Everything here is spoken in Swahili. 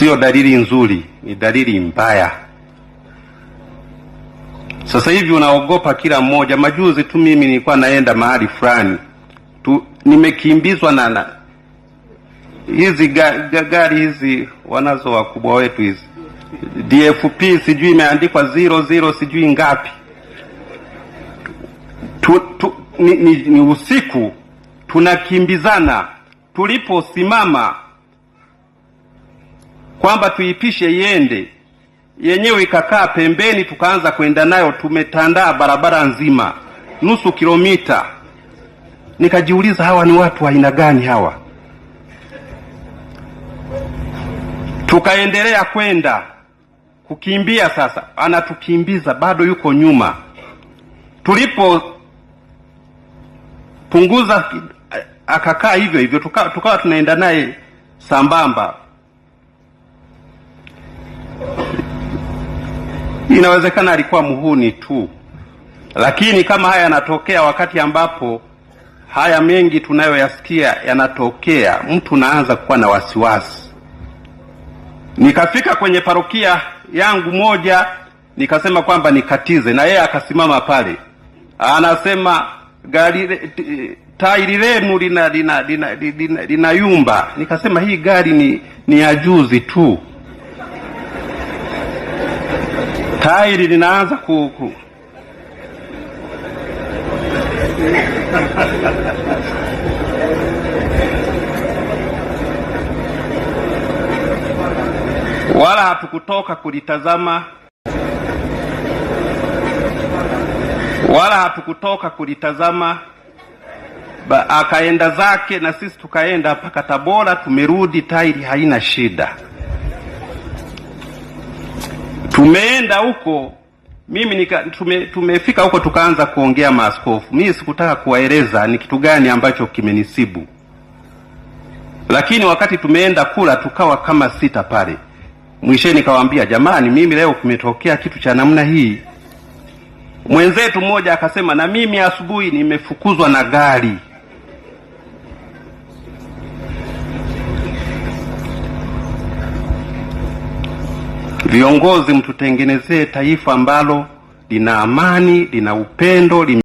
siyo dalili nzuri, ni dalili mbaya. Sasa hivi unaogopa kila mmoja. Majuzi tu mimi nilikuwa naenda mahali fulani tu, nimekimbizwa na na hizi ga, gari hizi wanazo wakubwa wetu hizi DFP, sijui imeandikwa zero zero sijui ngapi tu, tu, ni, ni, ni usiku tunakimbizana, tuliposimama kwamba tuipishe iende yenyewe, ikakaa pembeni, tukaanza kwenda nayo. Tumetandaa barabara nzima nusu kilomita. Nikajiuliza, hawa ni watu aina gani hawa? Tukaendelea kwenda kukimbia. Sasa anatukimbiza bado yuko nyuma. Tulipopunguza akakaa hivyo hivyo, tukawa tuka tunaenda naye sambamba. Inawezekana alikuwa muhuni tu, lakini kama haya yanatokea wakati ambapo haya mengi tunayoyasikia yanatokea, mtu naanza kuwa na wasiwasi. Nikafika kwenye parokia yangu moja, nikasema kwamba nikatize, na yeye akasimama pale, anasema gari tairi lenu lina linayumba. Nikasema hii gari ni, ni ya juzi tu tairi linaanza ku, ku. wala hatukutoka kulitazama wala hatukutoka kulitazama ba, akaenda zake na sisi tukaenda mpaka Tabora, tumerudi, tairi haina shida. Tumeenda huko mimi nika, tume, tumefika huko tukaanza kuongea maaskofu. Mimi sikutaka kuwaeleza ni kitu gani ambacho kimenisibu, lakini wakati tumeenda kula tukawa kama sita pale, mwisheni nikawaambia, jamani, mimi leo kumetokea kitu cha namna hii. Mwenzetu mmoja akasema, na mimi asubuhi nimefukuzwa na gari. Viongozi, mtutengenezee taifa ambalo lina amani, lina upendo, lina